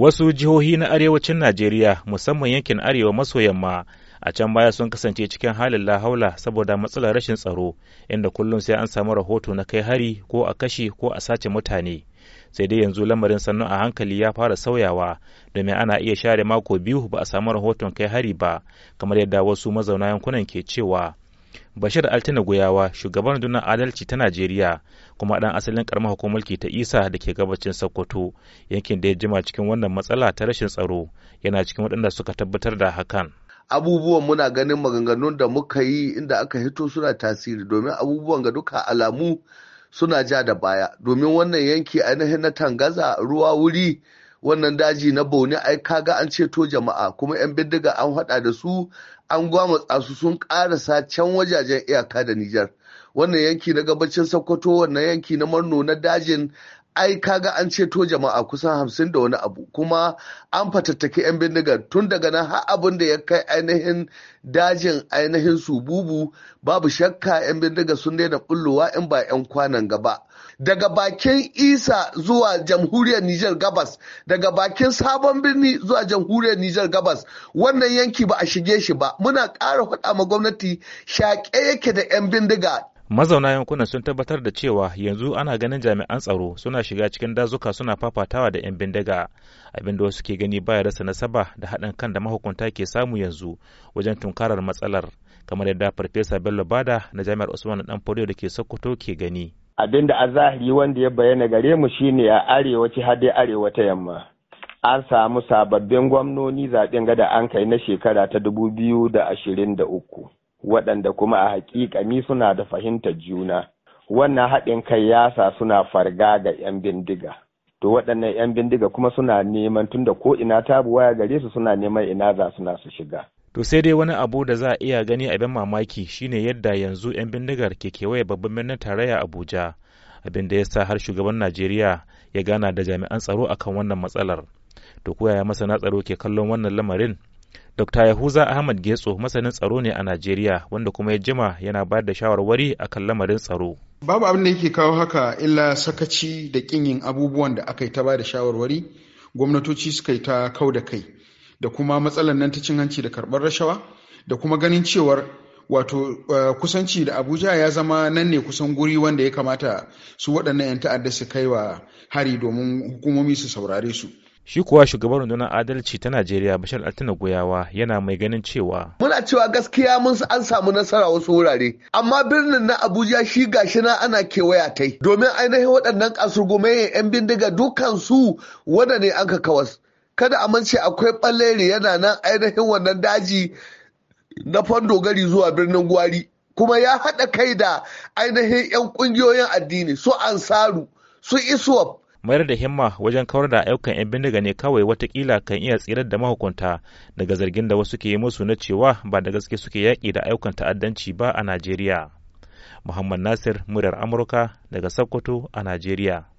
wasu jihohi na arewacin najeriya musamman yankin arewa maso yamma a can baya sun kasance cikin halin lahaula saboda matsalar rashin tsaro inda kullum sai an samu rahoto na kai hari ko a kashe ko a sace mutane sai dai yanzu lamarin sannu a hankali ya fara sauyawa domin ana iya share mako biyu ba a samu rahoton kai hari ba kamar yadda wasu mazauna yankunan ke cewa bashir altina guyawa shugaban rundunar adalci ta najeriya kuma dan asalin karamar hukumar ta isa da ke gabacin sokoto yankin da ya jima cikin wannan matsala ta rashin tsaro yana cikin waɗanda suka tabbatar da hakan abubuwan muna ganin maganganun da muka yi inda aka hito suna tasiri domin abubuwan ga duka alamu suna ja da baya domin wannan yanki ainihin na tangaza ruwa wuri wannan daji na bauni ai kaga an ceto jama'a kuma 'yan bindiga an haɗa da su an gwamutsa su sun karasa can wajajen iyaka da nijar wannan yanki na gabacin sokoto wannan yanki na marno na dajin ai kaga an ceto jama'a kusan hamsin da wani abu kuma an fatattaki 'yan bindigar tun daga nan har abin da ya kai ainihin dajin ainihin su bubu babu shakka 'yan bindigar sun daina bullowa in ba 'yan kwanan gaba daga bakin isa zuwa jamhuriyar nijar gabas daga bakin sabon birni zuwa jamhuriyar nijar gabas wannan yanki ba a shige shi ba muna ƙara faɗa ma gwamnati shaƙe yake da 'yan bindiga mazauna yankunan sun tabbatar da cewa yanzu ana ganin jami'an tsaro suna shiga cikin dazuka suna fafatawa da 'yan bindiga abinda wasu ke gani baya rasa nasaba da haɗin kan da mahukunta ke samu yanzu wajen tunkarar matsalar kamar yadda farfesa bello bada na jami'ar usman dan da ke sokoto ke gani abinda a zahiri wanda ya bayyana gare mu shine a ci har dai arewa ta yamma an samu sababbin gwamnoni zaɓen gada an kai na shekara ta dubu biyu da ashirin da uku. waɗanda kuma a haƙiƙami suna da fahimtar juna wannan haɗin kai yasa suna farga ga 'yan bindiga to waɗannan 'yan bindiga kuma suna neman tunda ko ina tabu waya gare su suna neman ina za suna su shiga to sai dai wani abu da za a iya gani abin mamaki shine yadda yanzu 'yan bindigar ke kewaye babban birnin tarayya abuja abin da ya sa har shugaban najeriya ya gana da jami'an tsaro akan wannan matsalar to koyaya masana tsaro ke kallon wannan lamarin Dr. Yahuza Ahmad Getso masanin tsaro ne a Najeriya wanda kuma ya jima yana ba da shawarwari a kan lamarin tsaro. Babu abin da yake kawo haka illa sakaci da kin yin abubuwan da aka yi ta ba da shawarwari gwamnatoci suka yi ta kau da kai da kuma matsalar nan ta cin hanci da karɓar rashawa da kuma ganin cewar wato eh, kusanci da abuja ya zama nan ne kusan guri wanda ya kamata su waɗannan 'yan ta'adda su kai wa hari domin hukumomi su saurare su. shi kuwa shugaban rundunar adalci ta najeriya bashar altina goyawa yana mai ganin cewa muna cewa gaskiya mun an samu nasara wasu wurare amma birnin na abuja shi gashi na ana kewaya kai domin ainihin waɗannan kasurgumayen yan bindiga su wanda ne an kawas kada a mance akwai ɓalleri yana nan ainihin wannan daji na gari zuwa birnin gwari kuma ya haɗa kai da ainihin 'yan ƙungiyoyin addini su ansaru su isuwa mayar da himma wajen kawar da ayyukan 'yan bindiga ne kawai watakila kan iya tsirar da mahukunta daga zargin da wasu ke yi musu na cewa ba da gaske suke yaƙi da ayyukan ta'addanci ba a Najeriya. Muhammad Nasir, muryar Amurka daga Sokoto a Najeriya.